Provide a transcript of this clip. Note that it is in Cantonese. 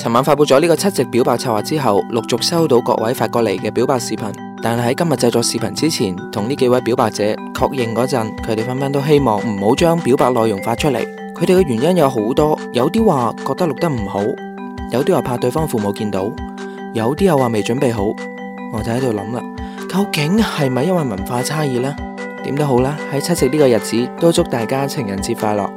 尋晚發布咗呢個七夕表白策劃之後，陸續收到各位發過嚟嘅表白視頻。但係喺今日製作視頻之前，同呢幾位表白者確認嗰陣，佢哋紛紛都希望唔好將表白內容發出嚟。佢哋嘅原因有好多，有啲話覺得錄得唔好，有啲話怕對方父母見到，有啲又話未準備好。我就喺度諗啦，究竟係咪因為文化差異呢？點都好啦，喺七夕呢個日子，都祝大家情人節快樂。